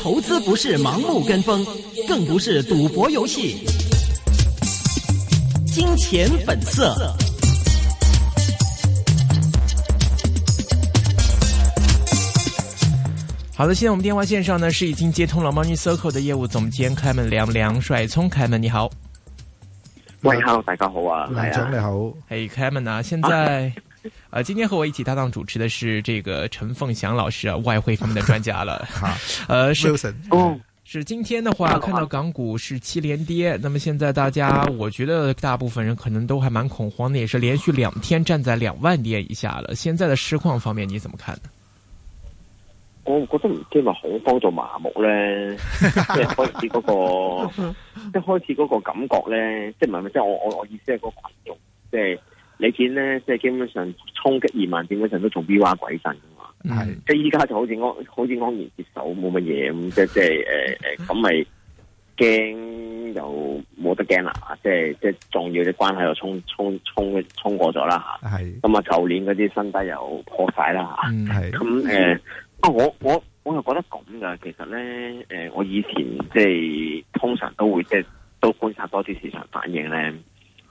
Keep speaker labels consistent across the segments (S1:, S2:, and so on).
S1: 投資不是盲目跟風，更不是賭博遊戲。金錢本色。好的，現在我們電話線上呢是已經接通了 Money Circle 的業務總監 Clement 梁梁帥聰，Clement 你好。
S2: 喂，Hello，
S1: 大家好啊，梁總你好，嘿，Clement 啊，現在。呃，今天和我一起搭檔主持的是這個陳鳳翔老師啊，外匯方面的專家了。好， 呃，啊、是、Milsen、是今天的話，看到港股是七連跌，那麼現在大家，我覺得大部分人可能都還蠻恐慌的，也是連續兩天站在兩萬點以下了。現在的市況方面，你怎麼看呢？
S2: 我唔覺得，唔知係好多做麻木呢，即 係開始嗰，那個， 即開始嗰個感覺呢，即係唔係咪？即、就、係、是、我我我意思係嗰個群眾，即係。你見咧，即係基本上衝擊二萬點，基本上都仲 b 字鬼陣噶嘛，係即係依家就好似安，好似安然接手，冇乜嘢咁，即係即係誒誒，咁咪驚又冇得驚啦，即係即係重要嘅關係又衝衝衝衝過咗啦吓，係咁啊，舊年嗰啲新低又破晒啦吓，
S1: 係咁
S2: 誒，我我我又覺得咁噶，其實咧誒，呃，我以前即係通常都會即係都觀察多啲市場反應咧。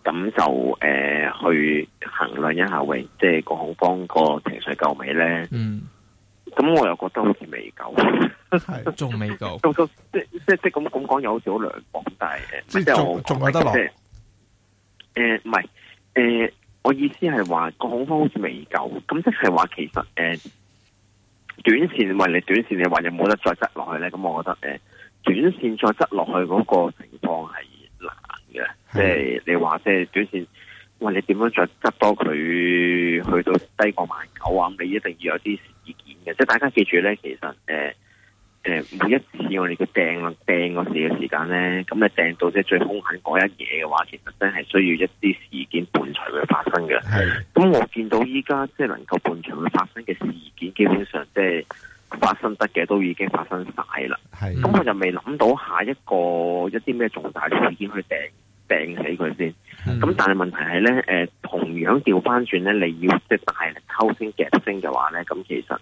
S2: 咁就誒、呃，去衡量一下，為即係個恐慌個情緒夠未咧？嗯，咁我又覺得好似未夠，
S1: 仲 未夠。
S2: 咁咁即即即咁咁講，又好似好兩講，即係仲仲有得落。誒，唔係誒，我意思係話個恐慌好似未夠，咁即係話其實誒、呃，短線為你短線你話有冇得再執落去咧？咁我覺得誒、呃，短線再執落去嗰個情況係。是，即係你話，即係表示：「喂，你點樣着執多佢去到低過萬九啊？你一定要有啲事件嘅，即係大家記住咧，其實誒誒、呃呃，每一次我哋嘅掟掟嗰時嘅時間咧，咁你掟到即係最凶狠嗰一嘢嘅話，其實真係需要一啲事件伴隨去發生嘅。係，咁我見到依家即係能夠伴隨去發生嘅事件，基本上即係發生得嘅都已經發生晒啦。係，咁我就未諗到下一個一啲咩重大事件去掟。病死佢先，咁但係問題係咧，誒，同樣調翻轉咧，你要即係大力偷升夾升嘅話咧，咁其實誒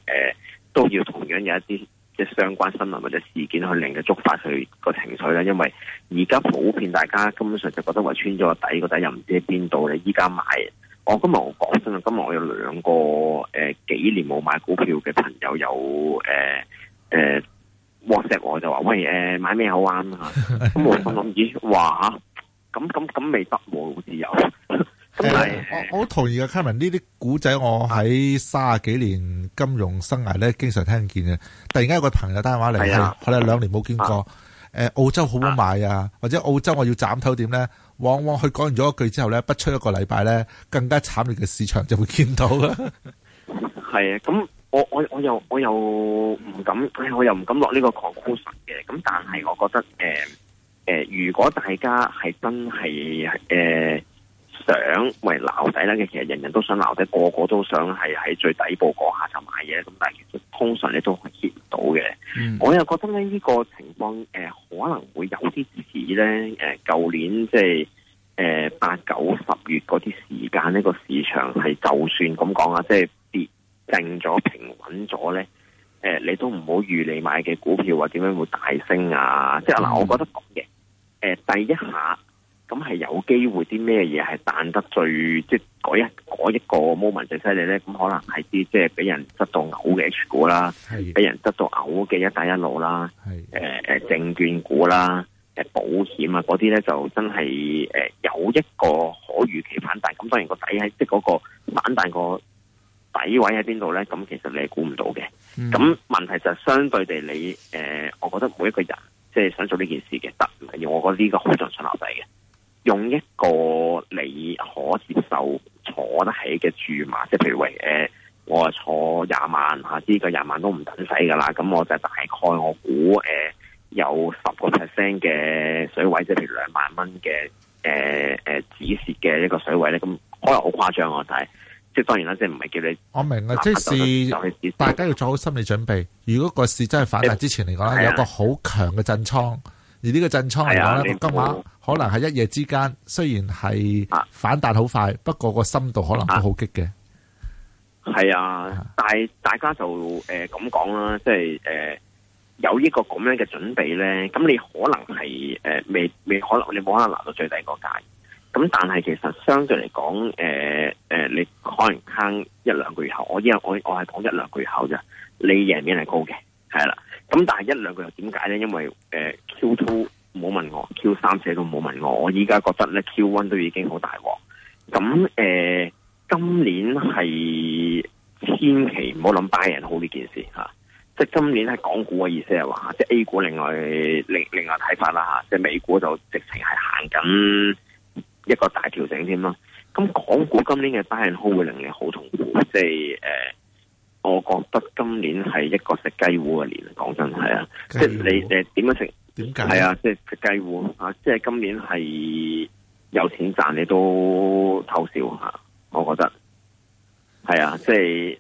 S2: 都要同樣有一啲即係相關新聞或者事件去令佢觸發佢個情緒咧，因為而家普遍大家根本上就覺得話穿咗個底，個底又唔知喺邊度咧，依家買，我今日我講真啊，今日我，我有兩個誒幾年冇買股票嘅朋友有誒誒、呃呃、WhatsApp 我就話喂誒、呃、買咩好玩啊，咁、嗯、我心諗 咦話。哇。咁咁咁未得喎，
S3: 好似、 嗯、我好同意嘅 Kevin 呢啲古仔我喺三啊幾年金融生涯咧，經常聽見嘅。突然間有個朋友打電話嚟，係可能兩年冇見過、啊。澳洲好唔好買啊，啊？或者澳洲我要斬頭點咧？往往佢講完咗一句之後咧，不出一個禮拜呢，更加慘烈嘅市場就會見到啦。 係
S2: 啊，咁我我我又我又唔敢，我又唔敢落呢個 conclusion 嘅。咁但係我覺得誒、呃，如果大家係真係誒、呃、想為撈底咧嘅，其實人人都想撈底，個個都想係喺最底部嗰下就買嘢。咁但係其實通常你都係見唔到嘅。我又覺得咧呢、這個情況誒、呃、可能會有啲似咧誒舊年即係誒八九十月嗰啲時間呢、這個市場係就算咁講啊，即、就、係、是、跌靜咗平穩咗咧，誒、呃、你都唔好預你買嘅股票啊點樣會大升啊！嗯、即係嗱，我覺得咁嘅。誒、呃，第一下咁係有機會啲咩嘢係彈得最即係嗰一嗰一個 moment 最犀利咧？咁可能係啲即係俾人執到嘔嘅 H 股啦，俾人執到嘔嘅一帶一路啦，誒誒、呃、證券股啦，誒保險啊嗰啲咧就真係誒、呃、有一個可預期反彈。咁當然個底喺即係嗰個反彈個底位喺邊度咧？咁其實你係估唔到嘅。咁、嗯、問題就係相對地，你、呃、誒，我覺得每一個人。即係想做呢件事嘅得，而我覺得呢個好正常留底嘅。用一個你可接受坐得起嘅住碼，即係譬如話誒、呃，我坐廿萬吓，呢、這個廿萬都唔等使噶啦。咁我就大概我估誒、呃、有十個 percent 嘅水位，即係譬如兩萬蚊嘅誒誒止蝕嘅一個水位咧。咁可能好誇張我就係。但即當然啦，即係唔係叫
S3: 你。我明啦，即是大家要做好心理準備。如果個市真係反彈之前嚟講咧，有個好強嘅震倉。而呢個震倉嚟講咧，今晚、那個、可能係一夜之間，雖然係反彈好快、啊，不過個深度可能都好激嘅。
S2: 係啊，但大家就誒咁講啦，即係誒有呢個咁樣嘅準備咧，咁你可能係誒、呃、未未可能，你冇可能拿到最低個價。咁但係其實相對嚟講，誒、呃、誒、呃，你可能坑一兩個月後，我依我我係講一兩個月後啫，你贏面係高嘅，係啦。咁但係一兩個月點解咧？因為誒 Q two 冇問我，Q 三寫都冇問我，我依家覺得咧 Q one 都已經好大鑊。咁、嗯、誒、呃，今年係千祈唔好諗 b 人好呢件事吓、啊，即係今年係港股嘅意思係話、啊，即係 A 股另外另另外睇法啦吓、啊，即係美股就直情係行緊一個大調整添啦。咁港股今年嘅 buy and hold 會令你好痛苦，即係誒，我覺得今年係一個食雞糊嘅年，講真係啊，啊、
S3: 就是、
S2: 啊，即係你誒點樣食？點解？係啊，即係食雞糊啊，即係今年係有錢賺你都偷笑吓，我覺得係啊，即、就、係、是、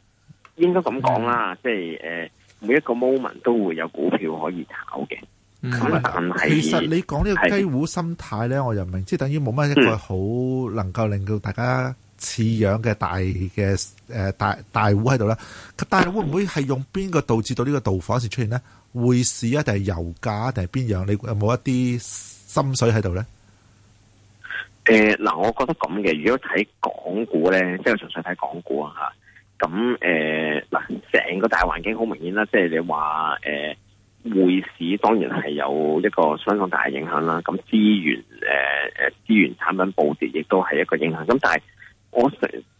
S2: 應該咁講啦，即係誒、呃，每一個 moment 都會有股票可以炒嘅。
S3: 咁、嗯、啊，其實你講呢個雞糊心態咧，我又明，即係等於冇乜一個好能夠令到大家似樣嘅大嘅誒、嗯、大、呃、大糊喺度啦。但係會唔會係用邊個導致到呢個導火線出現呢？匯市啊，定係油價啊，定係邊樣？你有冇一啲心水喺度咧？
S2: 誒、呃、嗱，我覺得咁嘅，如果睇港股咧，即係純粹睇港股啊嚇。咁誒嗱，成、呃、個大環境好明顯啦，即係你話誒。呃匯市當然係有一個相當大嘅影響啦，咁資源誒誒、呃、資源產品暴跌亦都係一個影響。咁但係我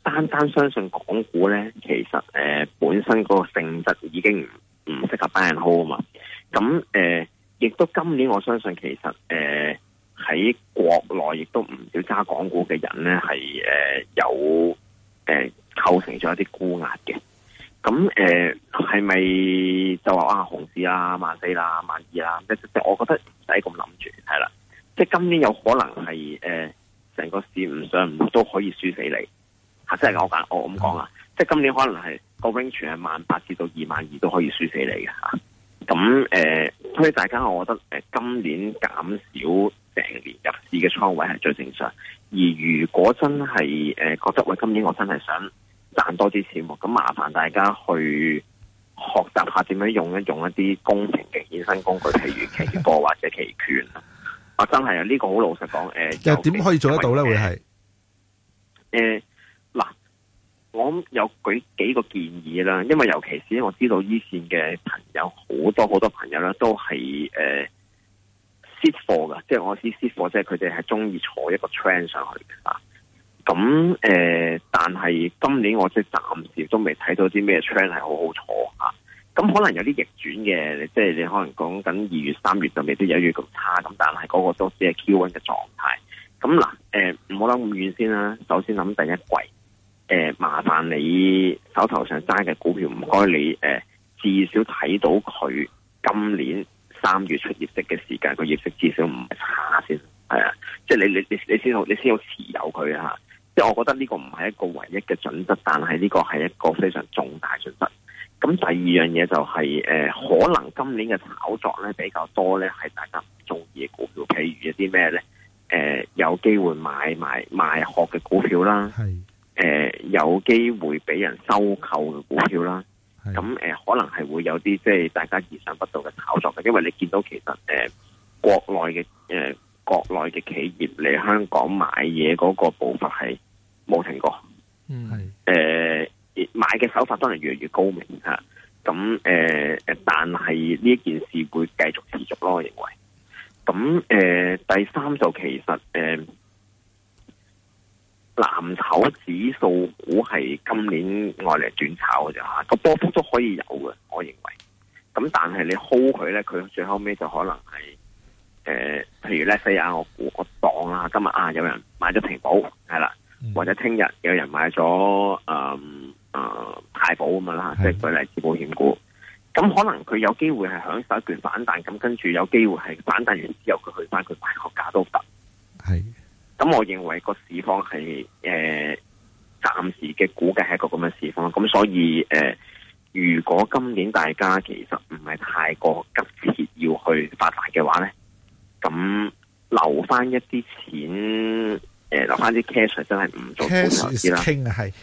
S2: 單單相信港股咧，其實誒、呃、本身嗰個性質已經唔唔適合 buy and hold 啊嘛。咁誒，亦、呃、都今年我相信其實誒喺、呃、國內亦都唔少揸港股嘅人咧係誒有誒、呃、構成咗一啲沽壓嘅。咁誒，係、呃、咪就話啊？熊市啦，萬四啦，萬二啦？即即我覺得唔使咁諗住，係啦。即今年有可能係誒，成、呃、個市唔上唔落都可以輸死你。吓、啊，即係我我咁講啊。即今年可能係、個 range 係萬八至到二萬二都可以輸死你嘅吓。咁誒，所、呃、以大家我覺得誒、呃，今年減少成年入市嘅倉位係最正常。而如果真係誒、呃、覺得喂，今年我真係想。賺多啲錢喎，咁麻煩大家去學習下點樣用一用一啲工程嘅衍生工具，譬如期貨或者期權啊！ 真係啊，呢、這個好老實講，誒、呃，
S3: 又點可以做得到咧？會係
S2: 誒，嗱、呃，我有舉幾個建議啦，因為尤其是我知道一線嘅朋友好多好多朋友咧，都係誒蝕貨噶，即係我知蝕貨，即係佢哋係中意坐一個 train 上去嘅啊。咁、嗯、誒、呃，但係今年我即係暫時都未睇到啲咩 trend 係好好坐吓，咁、啊嗯、可能有啲逆轉嘅，即係你可能講緊二月、三月就未必有一月咁差，咁但係嗰個都只係 Q1 嘅狀態。咁、嗯、嗱，誒唔好諗咁遠先啦、啊，首先諗第一季。誒、呃，麻煩你手頭上揸嘅股票，唔該你誒、呃，至少睇到佢今年三月出業績嘅時間，個業績至少唔係差先，係啊，即係你你你你先好，你先好持有佢啊。即係我覺得呢個唔係一個唯一嘅準則，但係呢個係一個非常重大準則。咁第二樣嘢就係、是、誒、呃，可能今年嘅炒作咧比較多咧，係大家唔中意嘅股票。譬如一啲咩咧？誒、呃，有機會買埋賣殼嘅股票啦，誒、呃，有機會俾人收購嘅股票啦。咁誒、呃，可能係會有啲即係大家意想不到嘅炒作嘅，因為你見到其實誒、呃、國內嘅誒。呃國內嘅企業嚟香港買嘢嗰個步伐係冇停過，嗯，係，誒、呃，買嘅手法當然越嚟越高明吓，咁誒，誒、呃，但係呢一件事會繼續持續咯，我認為。咁誒、呃，第三就是其實誒、呃，藍籌指數股係今年外來轉炒嘅啫吓，個波幅都可以有嘅，我認為。咁但係你 hold 佢咧，佢最後尾就可能係，誒、呃。譬如咧，四亞我估我當啦，今日啊有人買咗平保，係啦，嗯、或者聽日有人買咗誒誒太保咁樣啦，即係舉例子保險股，咁可能佢有機會係享受一段反彈，咁跟住有機會係反彈完之後佢去翻佢買個價都得。係，咁我認為個市況係誒暫時嘅估計係一個咁嘅市況，咁所以誒、呃、如果今年大家其實唔係太過急切要去發達嘅話咧。咁留翻一啲錢，呃、留翻啲 cash，真係唔做股啦。傾、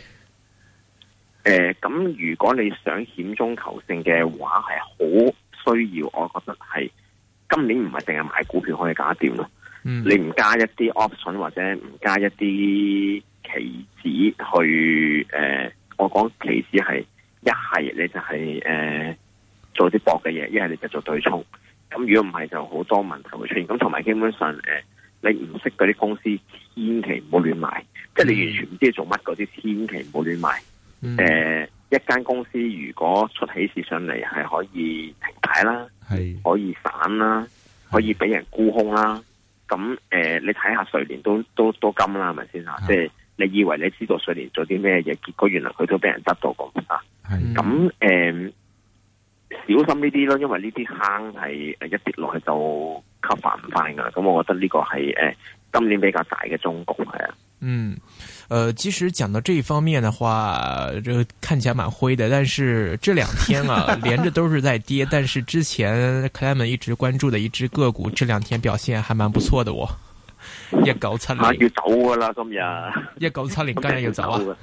S2: 呃、係，咁如果你想險中求勝嘅話，係好需要。我覺得係今年唔係淨係買股票可以搞掂啦、嗯。你唔加一啲 option 或者唔加一啲期指去、呃、我講期指係一係，你就係、係呃、做啲薄嘅嘢，一係你就做對沖。咁如果唔係，就好多問題會出現。咁同埋基本上，誒，你唔識嗰啲公司，千祈唔好亂買。嗯、即係你完全唔知做乜嗰啲，千祈唔好亂買。誒、嗯呃，一間公司如果出起事上嚟，係可以停牌啦，係可以散啦，可以俾人沽空啦。咁誒、呃，你睇下瑞聯都都都金啦，係咪先啊？即係、就是、你以為你知道瑞聯做啲咩嘢，結果原來佢都俾人得到咁啊？係咁誒。小心呢啲咯，因為呢啲坑係誒一跌落去就吸翻唔翻噶咁我覺得呢個係誒今年比較大嘅中共係啊。嗯，誒、
S1: 呃，其實講到呢方面嘅話、呃，就看起來蠻灰嘅，但是這兩天啊 連着都是在跌，但是之前 Clement 一直關注嘅一隻個股，這兩天表現還蠻不錯嘅，我一九七零要
S2: 走噶啦今日，
S1: 一九七零今日要走啊，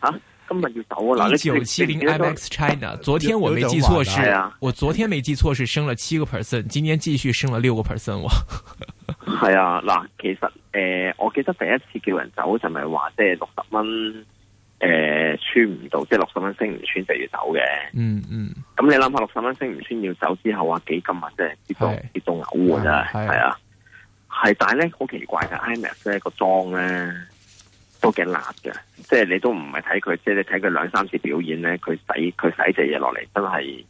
S1: 啊今日要走啊，嗱！一九七零 IMAX China，昨天我沒記錯是、嗯，我昨天沒記錯是升了七個 percent，今天繼續升了六個 percent。我
S2: 係 啊，嗱，其實誒、呃，我記得第一次叫人走就咪、是、話即係六十蚊，誒、呃，穿唔到，即係六十蚊升唔穿就要走嘅。嗯嗯，咁你諗下六十蚊升唔穿要走之後、嗯、啊，幾今日真係跌到跌到嘔換啊，係啊，係但係咧好奇怪㗎 IMAX 咧個莊咧。都幾辣嘅，即係你都唔係睇佢，即係你睇佢兩三次表演咧，佢使佢使隻嘢落嚟，真係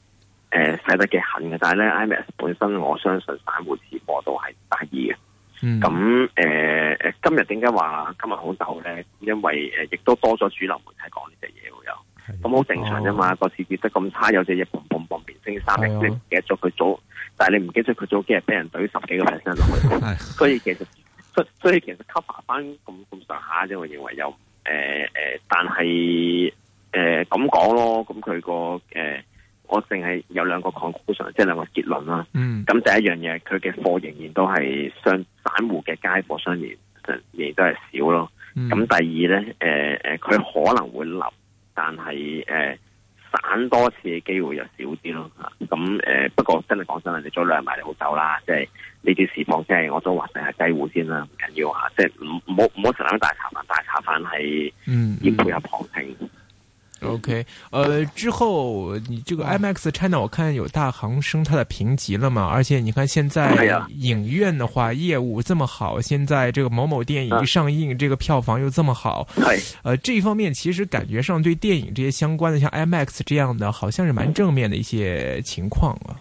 S2: 誒使得幾狠嘅。但係咧，IMAX 本身我相信散戶次播都係大意嘅。咁誒誒，今日點解話今日好走咧？因為誒亦都多咗主流媒體講呢隻嘢，會有咁好正常啫嘛。個市跌得咁差，有隻嘢蹦蹦蹦變，升三 percent，記唔記得咗佢早？但係你唔記得咗佢早幾日俾人懟十幾個 percent 落去，所以其實。所以其實 cover 翻咁咁上下啫，我認為又誒誒，但係誒咁講咯，咁佢、個誒、呃，我淨係有兩個 conclusion，即係兩個結論啦。嗯，咁第一樣嘢，佢嘅貨仍然都係商散戶嘅街貨仍然，亦都係少咯。咁、嗯、第二咧，誒、呃、誒，佢可能會立，但係誒。呃散多次嘅機會又少啲咯，吓，咁不過真係講真啦，你早兩嚟好走啦，即係呢啲市況先，我都話定係雞糊先啦，唔緊要吓，即係唔好成日大茶飯，大茶飯係要配合旁聽。嗯嗯嗯
S1: OK，呃，之後你這個 IMAX China，我看有大行升它的評級了嘛？而且你看現在影院的話業務這麼好，現在這個某某電影上映，這個票房又這麼好，呃，這一方面其實感覺上對電影這些相關的，像 IMAX 這樣的，好像是蠻正面的一些情況啊。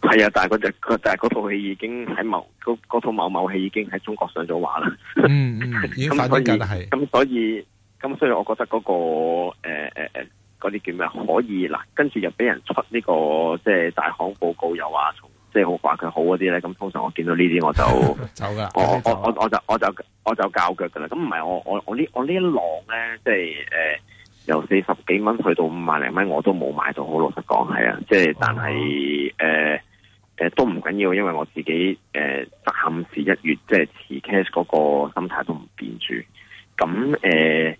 S2: 係啊，但係嗰隻，但係嗰套戲已經喺某嗰套某某戲已經喺中國上咗畫啦。嗯嗯
S1: 已經發
S2: 展得係，咁所以。咁、嗯、所以，我覺得嗰、嗰個誒誒嗰啲叫咩？可以嗱，跟住又俾人出呢、呢個即係大行報告又話，又話從即係好話佢好嗰啲咧。咁通常我見到呢啲 我 我 我， 我就走㗎。我我我我就我就我就較腳㗎啦。咁唔係我我我呢我呢一浪咧，即係誒、呃、由四十幾蚊去到五萬零蚊，我都冇買到。好，老實講係啊。即但係、呃呃、係但係誒誒都唔緊要，因為我自己誒暫時一月即係持 cash 嗰個心態都唔變住。咁誒。呃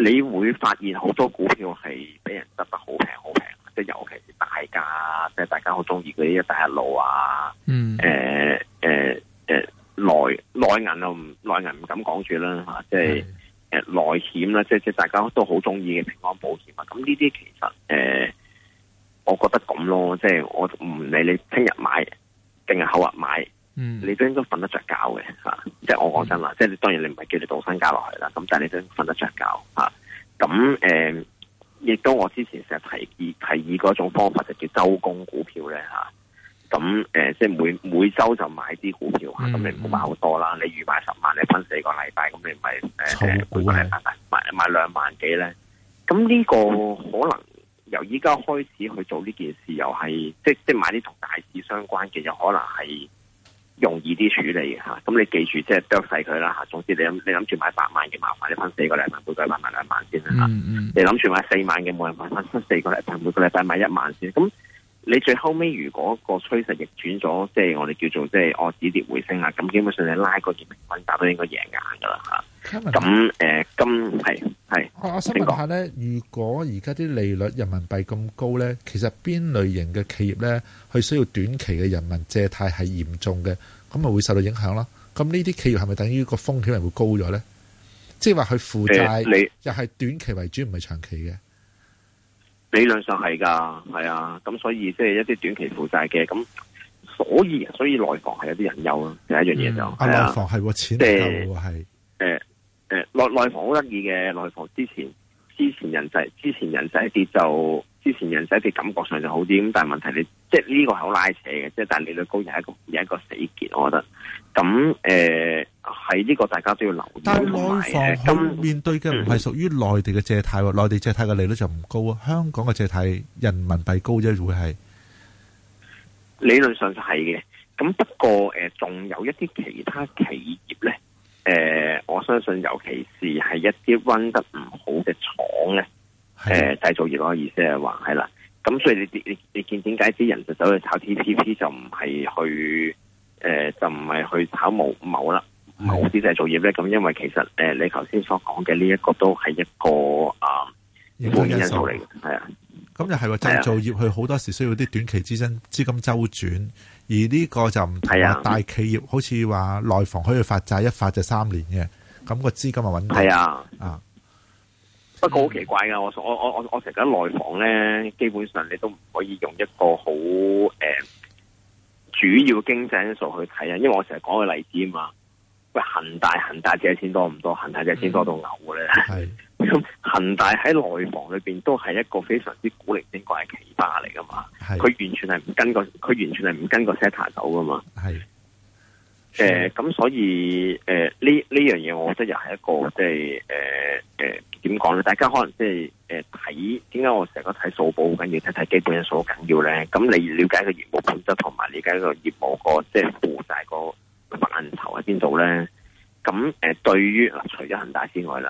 S2: 你會發現好多股票係俾人得得好平，好平，即係尤其是大家，即係大家好中意嗰啲一帶一路啊，嗯，誒誒誒內內銀就唔內銀唔敢講住啦嚇，即係誒內險啦，即即大家都好中意嘅平安保險啊，咁呢啲其實誒、呃，我覺得咁咯，即、呃、係我唔理你聽日買定係後日買。嗯、你都應該瞓得着覺嘅嚇、啊，即係我講真啦、嗯，即係當然你唔係叫你倒身家落去啦，咁但係你都瞓得着覺嚇，咁、啊、誒、呃、亦都我之前成日提議提議嗰種方法就叫周供股票咧嚇，咁、啊、誒、呃、即係每每周就買啲股票咁、嗯啊、你唔好買好多啦、嗯嗯，你預買十萬，你分四個禮拜，咁你咪誒每個禮拜買買兩萬幾咧，咁呢個可能由依家開始去做呢件事又係，又係即即係買啲同大市相關嘅，又可能係。容易啲處理，咁你記住即係剁細佢啦嚇。總之你諗你諗住買八萬嘅麻煩，你分四個禮拜每個禮拜買兩萬先啦。你諗住買四萬嘅冇人買翻，分四個禮拜每個禮拜買一萬先。咁、嗯嗯、你，你最後尾如果個趨勢逆轉咗，即係我哋叫做即係我止跌回升啦，咁基本上你拉個年平均達都應該贏硬噶啦
S3: 咁誒，咁係係。我想問下咧，如果而家啲利率人民幣咁高咧，其實邊類型嘅企業咧，佢需要短期嘅人民借貸係嚴重嘅，咁咪會受到影響咯？咁呢啲企業係咪等於個風險係會高咗咧？即係話佢負債，你又係短期為主，唔係長期嘅。
S2: 理論上係㗎，係、嗯、啊。咁所以即係一啲短期負債嘅，咁所以所以內房係有啲隱憂咯，第一樣嘢就
S3: 係內房係錢嚟嘅，係
S2: 誒，內內房好得意嘅內房，之前之前人仔之前人仔一啲就，之前人仔一啲感覺上就好啲，咁但係問題你，即係呢個係好拉扯嘅，即係但係利率高又係一個又一個死結，我覺得。咁誒，喺、呃、呢個大家都要留意。但係內房，今面對
S3: 嘅唔係屬於內地嘅借貸喎，內、嗯、地借貸嘅利率就唔高啊，香港嘅借貸人民幣高啫，會係
S2: 理論上就係嘅。咁不過誒，仲、呃、有一啲其他企業咧。誒、呃，我相信尤其是係一啲温得唔好嘅廠咧，誒、製、呃、造業咯，我意思係話係啦。咁所以你你你見，點解啲人就走去炒 TPP，就唔係去誒、呃，就唔係去炒某某啦，某啲製造業咧？咁因為其實誒、呃，你頭先所講嘅呢一個都係、呃、一個啊
S3: 負面因素嚟嘅，係啊。是咁就係話製造業，佢好多時需要啲短期資金資金週轉，而呢個就唔同啊！大企業好似話內房可以發債，一發就三年嘅，咁個資金咪穩定。係啊，
S2: 啊，不過好奇怪噶，我我我我我成日覺得內房咧，基本上你都唔可以用一個好誒、呃、主要經濟因素去睇啊，因為我成日講個例子啊嘛，喂，恒大恒大借錢多唔多？恒大借錢多到牛嘅咧。係。恒大喺內房裏邊都係一個非常之古靈精怪嘅奇葩嚟噶嘛，佢完全係唔跟個，佢完全係唔跟個 sector 走噶嘛。係，誒，咁、呃、所以，誒、呃，呢呢樣嘢，我覺得又係一個，即、呃、係，誒、呃，誒，點講咧？大家可能即、就、係、是，誒、呃，睇，點解我成日都睇數報好緊要，睇睇基本因素，好緊要咧？咁你了解個業務本質，同埋了解個業務個即係負債個範疇喺邊度咧？咁、就是，誒、呃，對於除咗恒大之外咧，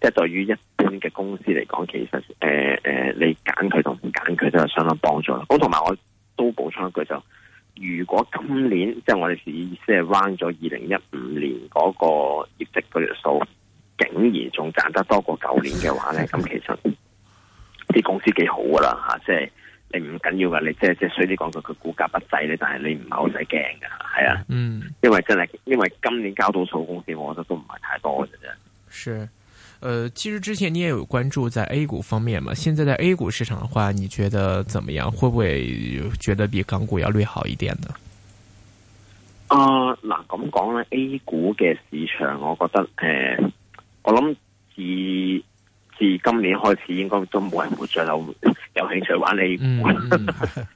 S2: 即係對於一般嘅公司嚟講，其實誒誒、呃，你揀佢同唔揀佢都係相當幫助啦。咁同埋我都補充一句就，如果今年即係我哋意思係 run 咗二零一五年嗰個業績嗰條數，竟然仲賺得多過舊年嘅話咧，咁其實啲公司幾好噶啦吓。即係你唔緊要噶，你即係即係雖然講佢佢估價不濟咧，但係你唔係好使驚噶。係啊，嗯，因為真係因為今年交到數公司，我覺得都唔係太多嘅啫。
S1: 是。呃，其實之前你也有關注在 A 股方面嘛？現在在 A 股市場的話，你覺得怎麼樣？會不會覺得比港股要略好一點呢？
S2: 啊、呃，嗱咁講咧，A 股嘅市場，我覺得誒、呃，我諗自自今年開始，應該都冇人會再有有興趣玩 A 股，咁、嗯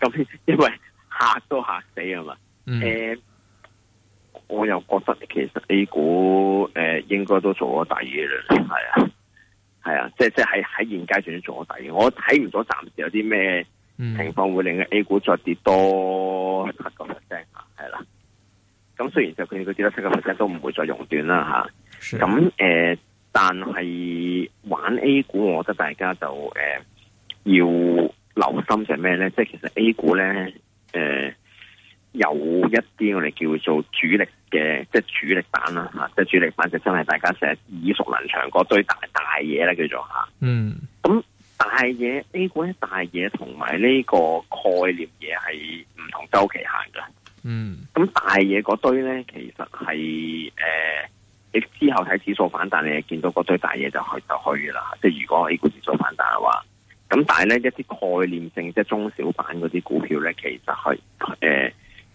S2: 嗯、 因為嚇都嚇死呀嘛，誒、嗯。嗯我又覺得其實 A 股、呃、應該都做咗底嘅啦，係啊，係啊，即係即係喺喺現階段都做咗底。我睇唔到暫時有啲咩情況會令 A 股再跌多七個 percent 係啦。咁雖然就佢跌多七個 percent 都唔會再熔斷啦嚇，咁但係玩 A 股，我覺得大家就、呃、要留心嘅係咩咧？即係其實 A 股咧有一啲我哋叫做主力嘅，即係主力板啦，吓即係主力板就真係大家成日耳熟能詳嗰堆大大嘢咧，叫做吓。嗯、咁、這個、大嘢 A 股咧，大嘢同埋呢個概念嘢係唔同周期行噶。嗯，咁大嘢嗰堆咧，其實係誒、呃，你之後睇指數反彈，你見到嗰堆大嘢就去就去噶啦。即係如果 A 股指數反彈嘅話，咁但係咧一啲概念性即係中小板嗰啲股票咧，其實係誒。呃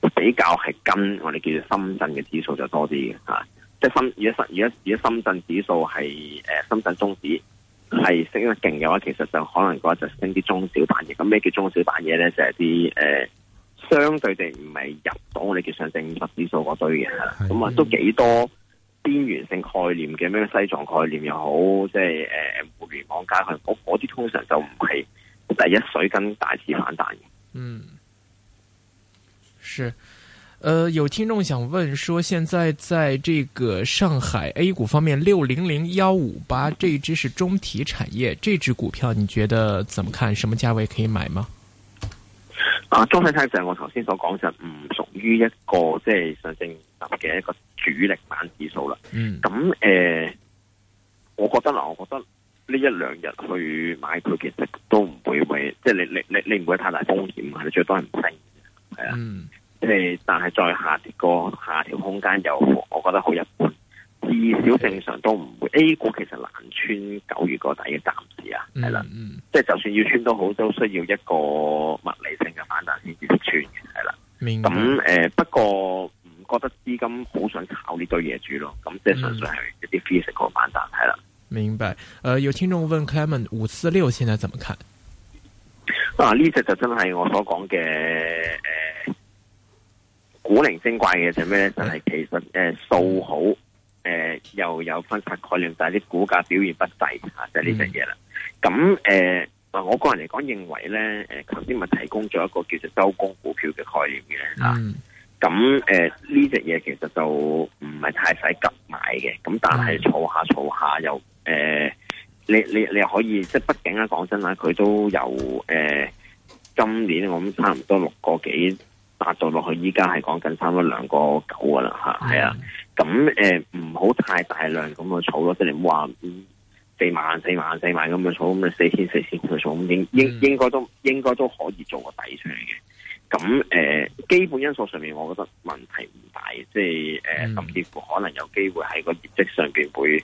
S2: 比較係跟我哋叫做深圳嘅指數就多啲嘅吓，即係深而家而家而家深圳指數係誒深圳中指係升得勁嘅話，其實就可能話就升啲中小板嘢。咁咩叫中小板嘢咧？就係啲誒相對地唔係入到我哋叫上證五十指數嗰堆嘅，咁啊都幾多邊緣性概念嘅咩西藏概念又好，即係誒互聯網加強嗰啲，通常就唔係第一水跟大市反彈嘅。嗯。
S1: 是，呃有聽眾想問說，現在在這個上海 A 股方面，六零零幺五八這一支是中體產業，這支股票你覺得怎麼看？什麼價位可以買嗎？
S2: 啊，中體就係我頭先所講就唔屬於一個即係、就是、上證十嘅一個主力板指數啦。
S1: 嗯，咁誒、呃，
S2: 我覺得嗱，我覺得呢一兩日去買佢，其實都唔會為，即係你你你你唔會太大風險啊，你最多係唔定。係啊，嗯、即係但係再下跌個下調空間又我覺得好一般，
S3: 至少
S2: 正常都唔會的。A 股其實難穿九月個底暫時啊，係啦、嗯，即係就算要穿都好，都需要一個物理性嘅反彈先至穿嘅，係啦。咁誒，不過唔覺得資金好想炒呢堆嘢住咯，咁即係純粹係一啲 physical
S1: 反彈，係啦。明白。誒有聽眾問 Clement 五四六，現在怎麼看？
S2: 啊，呢隻就真係我所講嘅。呃古靈精怪嘅就係咩咧？就係其實誒數好誒、呃、又有分發概念，但係啲股價表現不濟啊！就係呢隻嘢啦。咁誒，我、呃、我個人嚟講認為咧，誒頭先咪提供咗一個叫做周公股票嘅概念嘅啦。咁誒呢隻嘢其實就唔係太使急買嘅。咁但係儲下儲下又誒、呃，你你你可以即係畢竟咧講真啦，佢都有誒、呃、今年我諗差唔多六個幾。達到落去，依家係講緊差唔多兩個九噶啦吓，係啊。咁、呃、誒，唔好太大量咁去儲咯，即係你話四萬、四萬、四萬咁去儲，咁咪四千、四千去儲，咁應該應應該都應該都可以做個底出嚟嘅。咁誒、呃，基本因素上面，我覺得問題唔大，即係誒，甚至乎可能有機會喺個業績上邊會誒誒、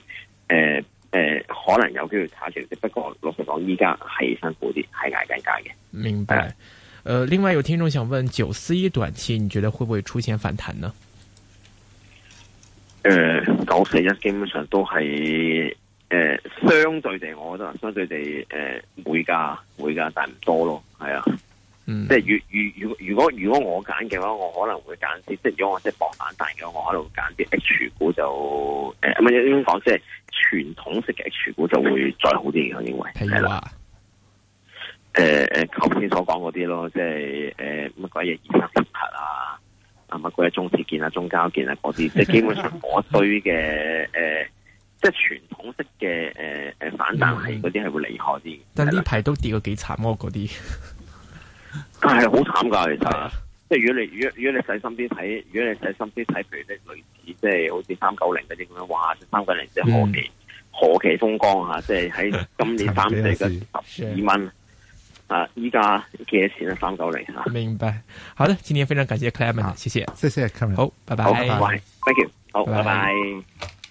S2: 呃呃，可能有機會睇成。不過老實講，依家係辛苦啲，係挨更加嘅。
S1: 明白。呃，另外有聽眾想問九四一，短期你覺得會不會出現反彈呢？誒、
S2: 呃，九四一基本上都係誒、呃、相、相對地，我覺得相對地誒每家每家大唔多咯，係啊，嗯、即係如、如、如果如果如果我揀嘅話，我可能會揀啲即係如果我即係博反彈嘅，我喺度揀啲 H 股就誒唔係，應該講即係傳統式嘅 H 股就會再好啲嘅，認為，係啦、啊。誒誒，頭先、呃、所講嗰啲咯，即係誒乜鬼嘢二三零八啊，啊乜鬼嘢中字鍵啊、中交鍵啊嗰啲、啊，即係基本上一堆嘅誒、呃，即係傳統式嘅誒誒反彈係嗰啲係會厲害啲、嗯。
S1: 但呢排都跌過幾慘咯、啊，嗰啲，
S2: 但係好慘噶，其實。即係如果你，如果如果你細心啲睇，如果你細心啲睇，譬如啲類似，即係好似三九零嗰啲咁樣哇，三九零真係何其、嗯、何其風光啊！即係喺今年三四嗰時十二蚊。啊，依家幾多錢啊？返到嚟吓。
S1: 明白，好的，今天非常感謝 Clement，啊謝謝，謝謝 Clement 好，拜拜，好，拜拜
S2: ，Thank you，好，拜拜。拜拜。